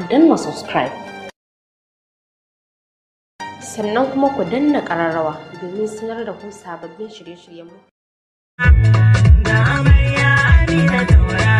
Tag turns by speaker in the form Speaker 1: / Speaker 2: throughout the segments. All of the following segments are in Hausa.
Speaker 1: ku danna subscribe sannan kuma ku danna ƙararrawa domin sanar da ku sababbin shirye-shiryenmu. Da amarya Amina Taurari.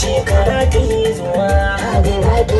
Speaker 1: shekara ke zuwa abin